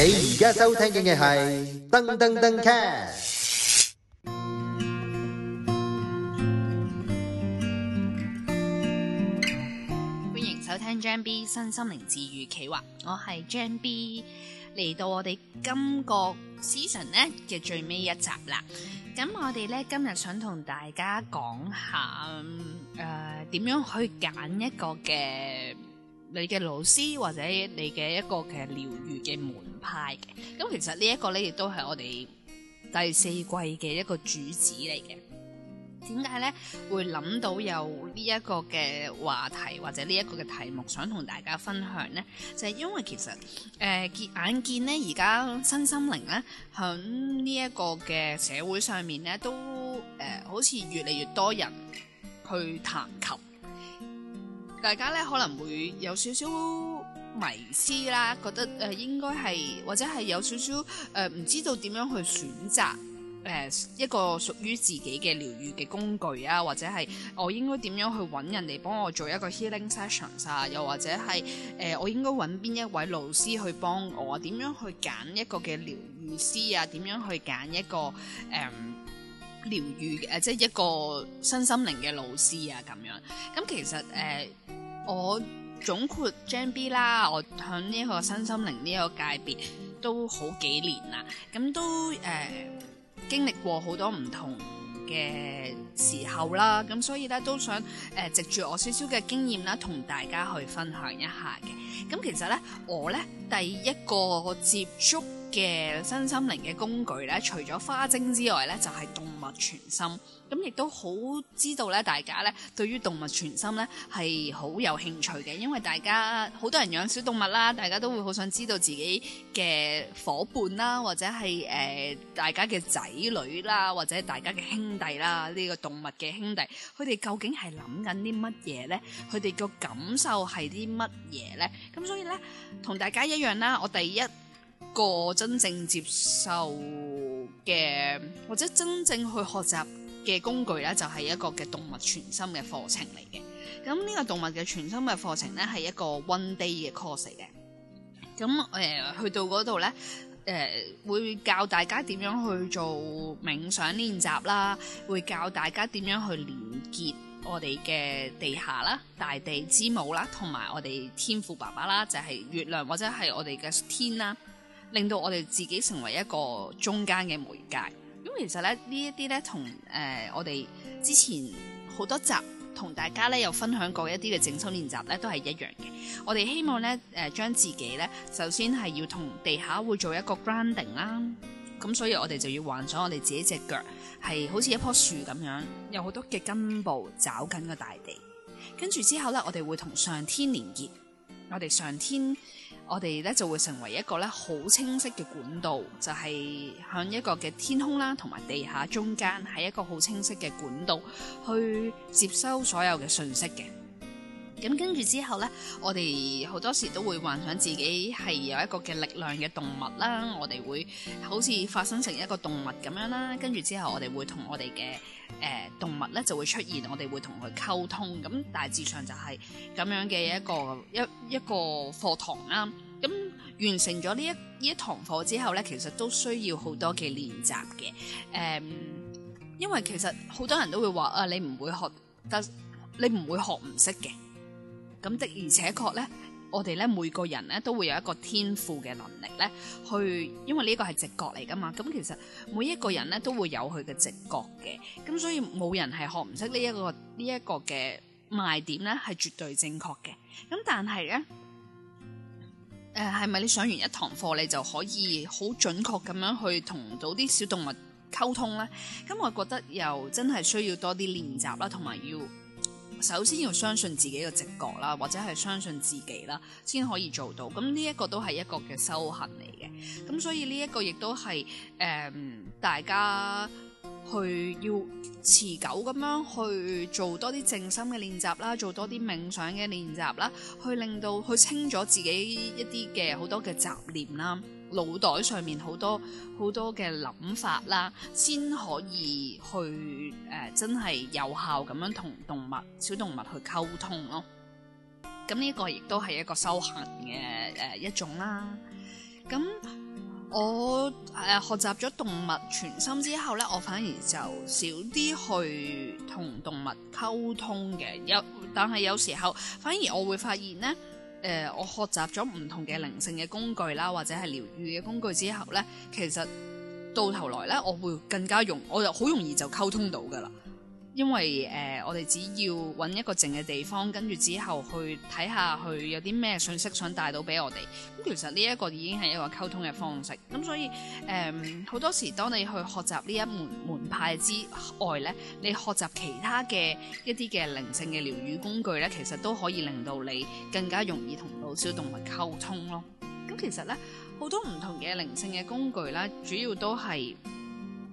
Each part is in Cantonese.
你而家收聽嘅係噔噔噔 cast，歡迎收聽 Jam B 新心靈治愈企劃，我係 Jam B，嚟到我哋今個 season 咧嘅最尾一集啦。咁我哋咧今日想同大家講下誒點樣去揀一個嘅。你嘅老師或者你嘅一個嘅療愈嘅門派嘅，咁其實呢一個咧亦都係我哋第四季嘅一個主旨嚟嘅。點解咧會諗到有呢一個嘅話題或者呢一個嘅題目想同大家分享咧？就係、是、因為其實誒、呃、眼見咧而家身心靈咧喺呢一個嘅社會上面咧都誒、呃、好似越嚟越多人去彈琴。大家咧可能會有少少迷思啦，覺得誒、呃、應該係或者係有少少誒唔知道點樣去選擇誒、呃、一個屬於自己嘅療愈嘅工具啊，或者係我應該點樣去揾人哋幫我做一個 healing sessions 啊，又或者係誒、呃、我應該揾邊一位老師去幫我點樣去揀一個嘅療愈師啊，點樣去揀一個誒療、呃、愈誒即係一個身心靈嘅老師啊咁樣。咁、嗯、其實誒、呃我總括 Gem B 啦，我喺呢一個新心靈呢一個界別都好幾年啦，咁都誒、呃、經歷過好多唔同嘅時候啦，咁所以咧都想誒、呃、藉住我少少嘅經驗啦，同大家去分享一下嘅。咁其實咧，我咧第一個接觸。嘅身心靈嘅工具咧，除咗花精之外咧，就係、是、動物全心咁，亦都好知道咧，大家咧對於動物全心咧係好有興趣嘅，因為大家好多人養小動物啦，大家都會好想知道自己嘅伙伴啦，或者係誒、呃、大家嘅仔女啦，或者大家嘅兄弟啦，呢、這個動物嘅兄弟，佢哋究竟係諗緊啲乜嘢咧？佢哋個感受係啲乜嘢咧？咁所以咧，同大家一樣啦，我第一。個真正接受嘅或者真正去學習嘅工具咧，就係、是、一個嘅動物傳心嘅課程嚟嘅。咁呢個動物嘅傳心嘅課程咧，係一個 one day 嘅 course 嚟嘅。咁誒、呃，去到嗰度咧，誒、呃、會教大家點樣去做冥想練習啦，會教大家點樣去連結我哋嘅地下啦、大地之母啦，同埋我哋天父爸爸啦，就係、是、月亮或者係我哋嘅天啦。令到我哋自己成為一個中間嘅媒介，咁其實咧呢一啲呢，同誒、呃、我哋之前好多集同大家呢有分享過一啲嘅整修練習呢，都係一樣嘅。我哋希望呢，誒、呃、將自己呢首先係要同地下會做一個 grounding 啦，咁所以我哋就要幻想我哋自己隻腳係好似一棵樹咁樣，有好多嘅根部抓緊個大地。跟住之後呢，我哋會同上天連結，我哋上天。我哋呢就會成為一個咧好清晰嘅管道，就係向一個嘅天空啦，同埋地下中間，喺一個好清晰嘅管道去接收所有嘅信息嘅。咁跟住之後呢，我哋好多時都會幻想自己係有一個嘅力量嘅動物啦。我哋會好似發生成一個動物咁樣啦。跟住之後我我，我哋會同我哋嘅誒動物呢就會出現，我哋會同佢溝通。咁大致上就係咁樣嘅一個一一個課堂啦。咁完成咗呢一呢一堂課之後呢，其實都需要好多嘅練習嘅。誒、嗯，因為其實好多人都會話啊，你唔會學，但你唔會學唔識嘅。咁的，而且確咧，我哋咧每個人咧都會有一個天賦嘅能力咧，去因為呢個係直覺嚟㗎嘛。咁其實每一個人咧都會有佢嘅直覺嘅，咁所以冇人係學唔識呢一個呢一個嘅賣點咧，係絕對正確嘅。咁但係咧，誒係咪你上完一堂課你就可以好準確咁樣去同到啲小動物溝通咧？咁我覺得又真係需要多啲練習啦，同埋要。首先要相信自己嘅直覺啦，或者係相信自己啦，先可以做到。咁呢一個都係一個嘅修行嚟嘅。咁所以呢一個亦都係誒，大家去要持久咁樣去做多啲靜心嘅練習啦，做多啲冥想嘅練習啦，去令到去清咗自己一啲嘅好多嘅雜念啦。腦袋上面好多好多嘅諗法啦，先可以去誒、呃、真係有效咁樣同動物、小動物去溝通咯。咁呢個亦都係一個修行嘅誒、呃、一種啦。咁我誒、呃、學習咗動物全心之後咧，我反而就少啲去同動物溝通嘅。有，但係有時候反而我會發現咧。誒、呃，我學習咗唔同嘅靈性嘅工具啦，或者係療愈嘅工具之後咧，其實到頭來咧，我會更加容，我就好容易就溝通到㗎啦。因為誒、呃，我哋只要揾一個靜嘅地方，跟住之後去睇下佢有啲咩信息想帶到俾我哋。咁其實呢一個已經係一個溝通嘅方式。咁所以誒，好、呃、多時當你去學習呢一門門派之外咧，你學習其他嘅一啲嘅靈性嘅療愈工具咧，其實都可以令到你更加容易同老小動物溝通咯。咁其實咧，好多唔同嘅靈性嘅工具咧，主要都係。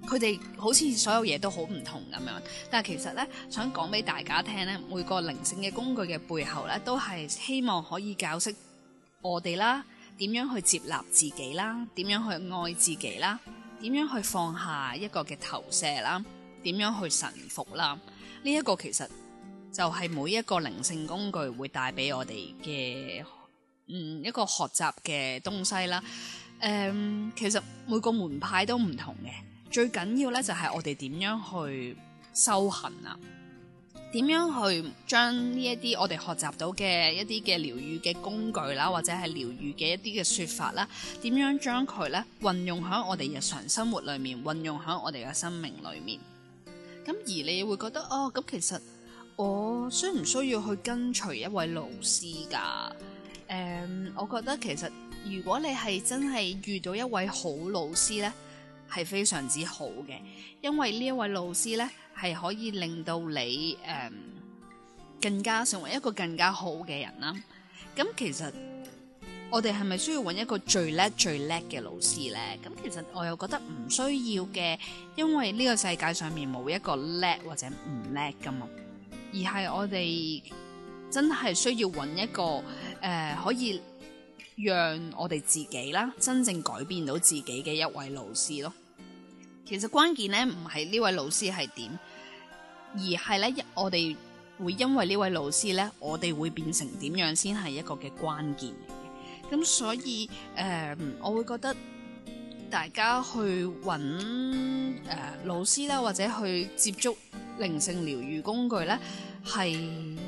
佢哋好似所有嘢都好唔同咁樣，但係其實呢，想講俾大家聽呢，每個靈性嘅工具嘅背後呢，都係希望可以教識我哋啦，點樣去接納自己啦，點樣去愛自己啦，點樣去放下一個嘅投射啦，點樣去臣服啦。呢一個其實就係每一個靈性工具會帶俾我哋嘅嗯一個學習嘅東西啦。誒，其實每個門派都唔同嘅。最緊要咧，就係我哋點樣去修行啊？點樣去將呢一啲我哋學習到嘅一啲嘅療愈嘅工具啦，或者係療愈嘅一啲嘅説法啦，點樣將佢咧運用喺我哋日常生活裏面，運用喺我哋嘅生命裏面？咁而你會覺得哦，咁其實我需唔需要去跟隨一位老師噶？誒，um，我覺得其實如果你係真係遇到一位好老師咧。係非常之好嘅，因為呢一位老師咧，係可以令到你誒、呃、更加成為一個更加好嘅人啦。咁、嗯、其實我哋係咪需要揾一個最叻最叻嘅老師咧？咁、嗯、其實我又覺得唔需要嘅，因為呢個世界上面冇一個叻或者唔叻㗎嘛，而係我哋真係需要揾一個誒、呃、可以。讓我哋自己啦，真正改變到自己嘅一位老師咯。其實關鍵咧唔係呢位老師係點，而係咧我哋會因為呢位老師咧，我哋會變成點樣先係一個嘅關鍵。咁所以誒、呃，我會覺得大家去揾誒、呃、老師啦，或者去接觸靈性療癒工具咧，係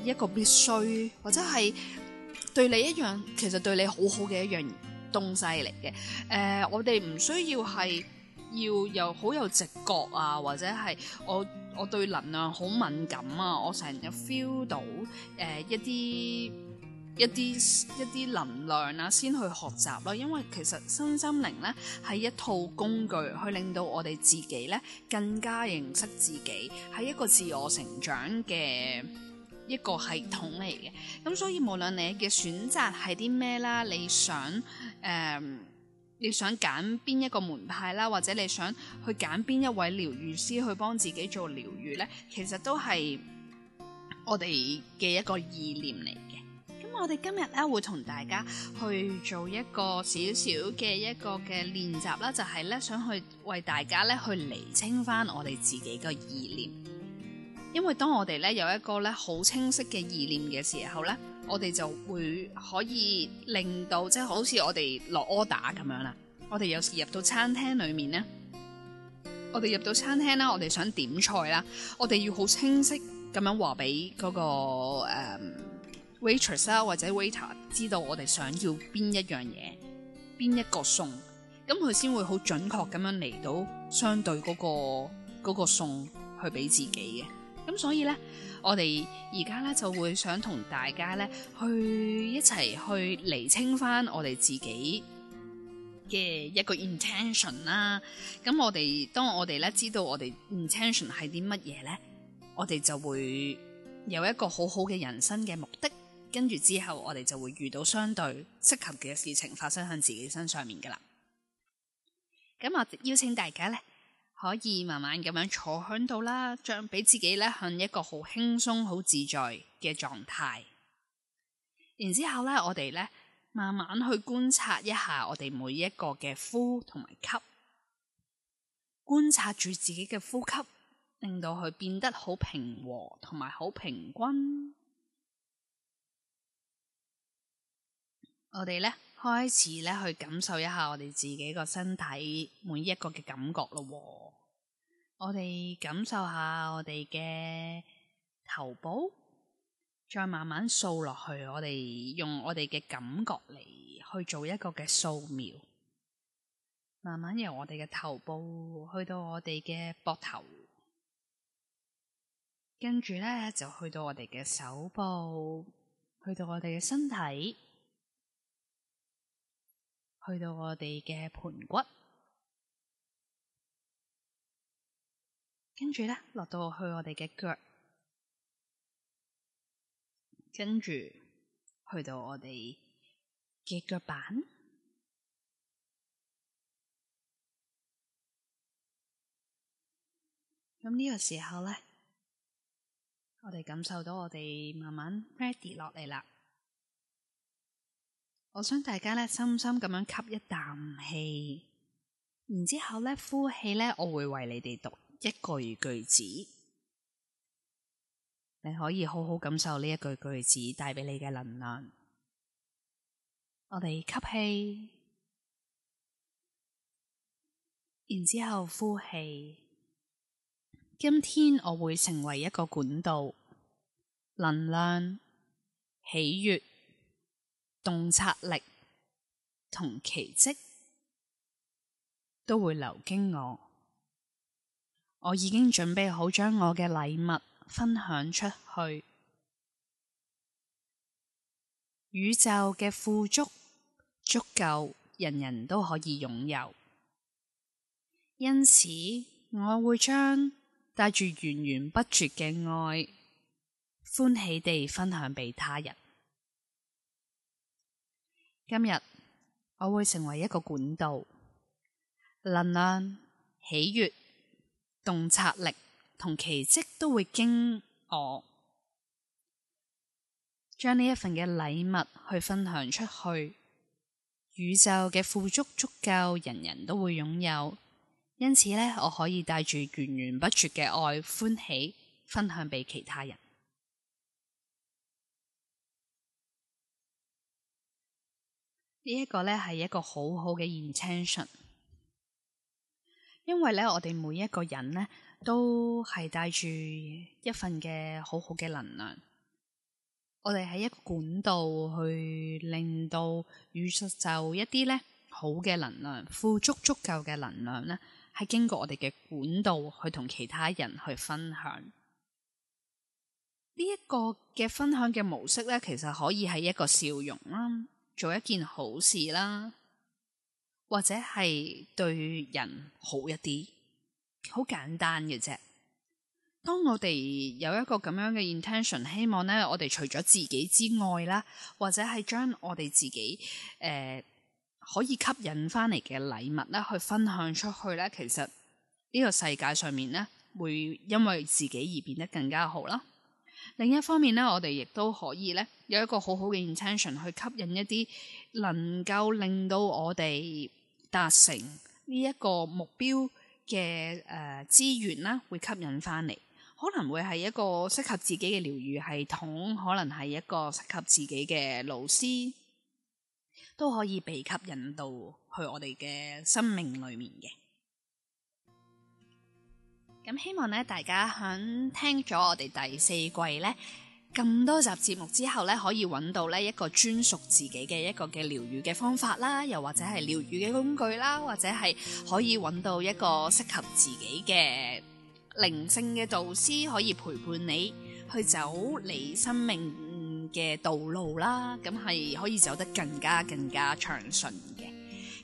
一個必須，或者係。對你一樣，其實對你好好嘅一樣東西嚟嘅。誒、呃，我哋唔需要係要又好有直覺啊，或者係我我對能量好敏感啊，我成日 feel 到誒、呃、一啲一啲一啲能量啊，先去學習咯、啊。因為其實身心靈咧係一套工具，去令到我哋自己咧更加認識自己，係一個自我成長嘅。一個系統嚟嘅。咁所以無論你嘅選擇係啲咩啦，你想誒、呃，你想揀邊一個門派啦，或者你想去揀邊一位療癒師去幫自己做療癒呢，其實都係我哋嘅一個意念嚟嘅。咁我哋今日咧會同大家去做一個少少嘅一個嘅練習啦，就係呢，想去為大家呢去釐清翻我哋自己嘅意念。因為當我哋咧有一個咧好清晰嘅意念嘅時候咧，我哋就會可以令到即係好似我哋落 order 咁樣啦。我哋有時入到餐廳裏面咧，我哋入到餐廳啦，我哋想點菜啦，我哋要好清晰咁樣話俾嗰個誒、呃、waitress 啊或者 waiter 知道我哋想要邊一樣嘢，邊一個餸，咁佢先會好準確咁樣嚟到相對嗰、嗰個、嗰個餸去俾自己嘅。咁所以咧，我哋而家咧就會想同大家咧去一齊去厘清翻我哋自己嘅一個 intention 啦。咁、嗯、我哋當我哋咧知道我哋 intention 係啲乜嘢咧，我哋就會有一個好好嘅人生嘅目的。跟住之後，我哋就會遇到相對適合嘅事情發生喺自己身上面噶啦。咁、嗯、我邀請大家咧。可以慢慢咁樣坐響度啦，將俾自己咧向一個好輕鬆、好自在嘅狀態。然之後咧，我哋咧慢慢去觀察一下我哋每一個嘅呼同埋吸，觀察住自己嘅呼吸，令到佢變得好平和同埋好平均。我哋咧。開始咧，去感受一下我哋自己個身體每一個嘅感覺咯，哦。我哋感受下我哋嘅頭部，再慢慢掃落去。我哋用我哋嘅感覺嚟去做一個嘅掃描，慢慢由我哋嘅頭部去到我哋嘅膊頭，跟住咧就去到我哋嘅手部，去到我哋嘅身體。去到我哋嘅盆骨，跟住咧落到去我哋嘅腳，跟住去到我哋嘅腳板。咁呢個時候咧，我哋感受到我哋慢慢 ready 落嚟啦。我想大家呢，深深咁樣吸一啖氣，然之後呢呼氣呢，我會為你哋讀一句句子，你可以好好感受呢一句句子帶俾你嘅能量。我哋吸氣，然之後呼氣。今天我會成為一個管道，能量喜悅。洞察力同奇蹟都會流經我，我已經準備好將我嘅禮物分享出去。宇宙嘅富足足夠人人都可以擁有，因此我會將帶住源源不絕嘅愛，歡喜地分享俾他人。今日我會成為一個管道，能量、喜悦、洞察力同奇蹟都會經我將呢一份嘅禮物去分享出去。宇宙嘅富足足夠人人都會擁有，因此呢，我可以帶住源源不絕嘅愛歡喜分享俾其他人。呢一個咧係一個好好嘅 intention，因為咧我哋每一個人咧都係帶住一份嘅好好嘅能量，我哋喺一個管道去令到宇宙就一啲咧好嘅能量，富足足夠嘅能量咧，係經過我哋嘅管道去同其他人去分享。呢一個嘅分享嘅模式咧，其實可以係一個笑容啦。做一件好事啦，或者係對人好一啲，好簡單嘅啫。當我哋有一個咁樣嘅 intention，希望咧，我哋除咗自己之外啦，或者係將我哋自己誒、呃、可以吸引翻嚟嘅禮物咧去分享出去咧，其實呢個世界上面咧會因為自己而變得更加好啦。另一方面咧，我哋亦都可以咧有一個好好嘅 intention 去吸引一啲能夠令到我哋達成呢一個目標嘅誒資源啦，會吸引翻嚟，可能會係一個適合自己嘅療癒系統，可能係一個適合自己嘅老師，都可以被吸引到去我哋嘅生命裏面嘅。咁希望咧，大家響聽咗我哋第四季咧咁多集節目之後咧，可以揾到咧一個專屬自己嘅一個嘅療愈嘅方法啦，又或者係療愈嘅工具啦，或者係可以揾到一個適合自己嘅靈性嘅導師，可以陪伴你去走你生命嘅道路啦。咁係可以走得更加更加暢順。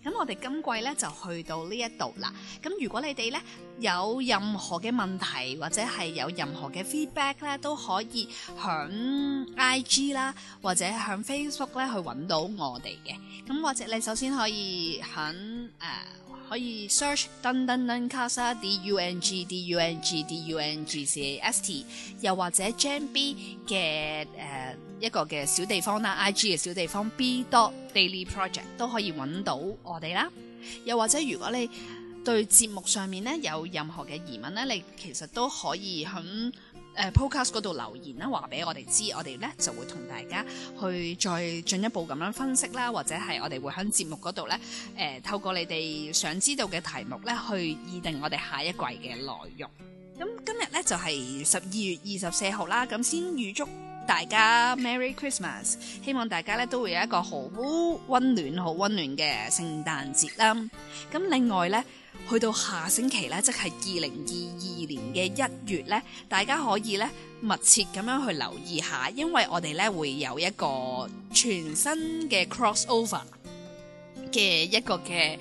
咁我哋今季咧就去到呢一度啦。咁如果你哋咧有任何嘅問題或者係有任何嘅 feedback 咧，都可以響 IG 啦，或者響 Facebook 咧去揾到我哋嘅。咁或者你首先可以響誒、呃、可以 search Dung Dung Dungcast D U N G D U N G D U N G C A S T，又或者 Jam B 嘅誒、呃、一個嘅小地方啦，IG 嘅小地方 B 多。daily project 都可以揾到我哋啦，又或者如果你對節目上面咧有任何嘅疑問咧，你其實都可以喺誒、呃、podcast 嗰度留言啦，話俾我哋知，我哋咧就會同大家去再進一步咁樣分析啦，或者係我哋會喺節目嗰度咧誒透過你哋想知道嘅題目咧去擬定我哋下一季嘅內容。咁今日咧就係十二月二十四號啦，咁先預祝。大家 Merry Christmas！希望大家咧都會有一個好溫暖、好溫暖嘅聖誕節啦。咁另外咧，去到下星期咧，即係二零二二年嘅一月咧，大家可以咧密切咁樣去留意下，因為我哋咧會有一個全新嘅 cross over 嘅一個嘅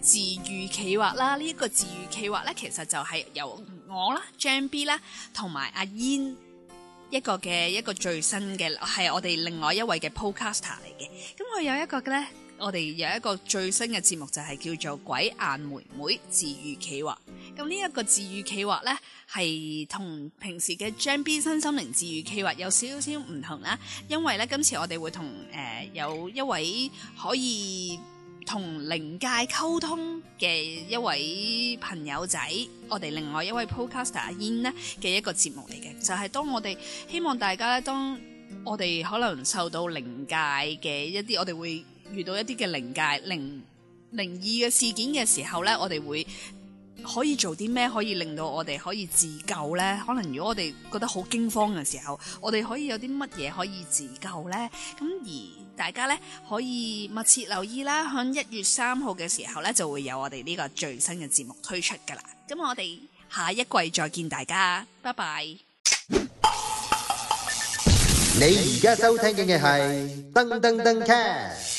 治癒企劃啦。呢、這、一個治癒企劃咧，其實就係由我啦、Jam B 啦同埋阿煙。一個嘅一個最新嘅係我哋另外一位嘅 podcaster 嚟嘅。咁、嗯、佢有一個咧，我哋有一個最新嘅節目就係叫做《鬼眼妹妹》自愈企畫。咁呢一個自愈企畫咧，係同平時嘅 Gem B 新心靈自愈企畫有少少唔同啦，因為咧今次我哋會同誒、呃、有一位可以。同靈界溝通嘅一位朋友仔，我哋另外一位 podcaster 阿燕咧嘅一個節目嚟嘅，就係、是，當我哋希望大家咧，當我哋可能受到靈界嘅一啲，我哋會遇到一啲嘅靈界靈靈異嘅事件嘅時候咧，我哋會。可以做啲咩可以令到我哋可以自救呢？可能如果我哋覺得好驚慌嘅時候，我哋可以有啲乜嘢可以自救呢？咁而大家呢，可以密切留意啦。喺一月三號嘅時候呢，就會有我哋呢個最新嘅節目推出噶啦。咁我哋下一季再見大家，拜拜。你而家收聽緊嘅係《噔噔噔 c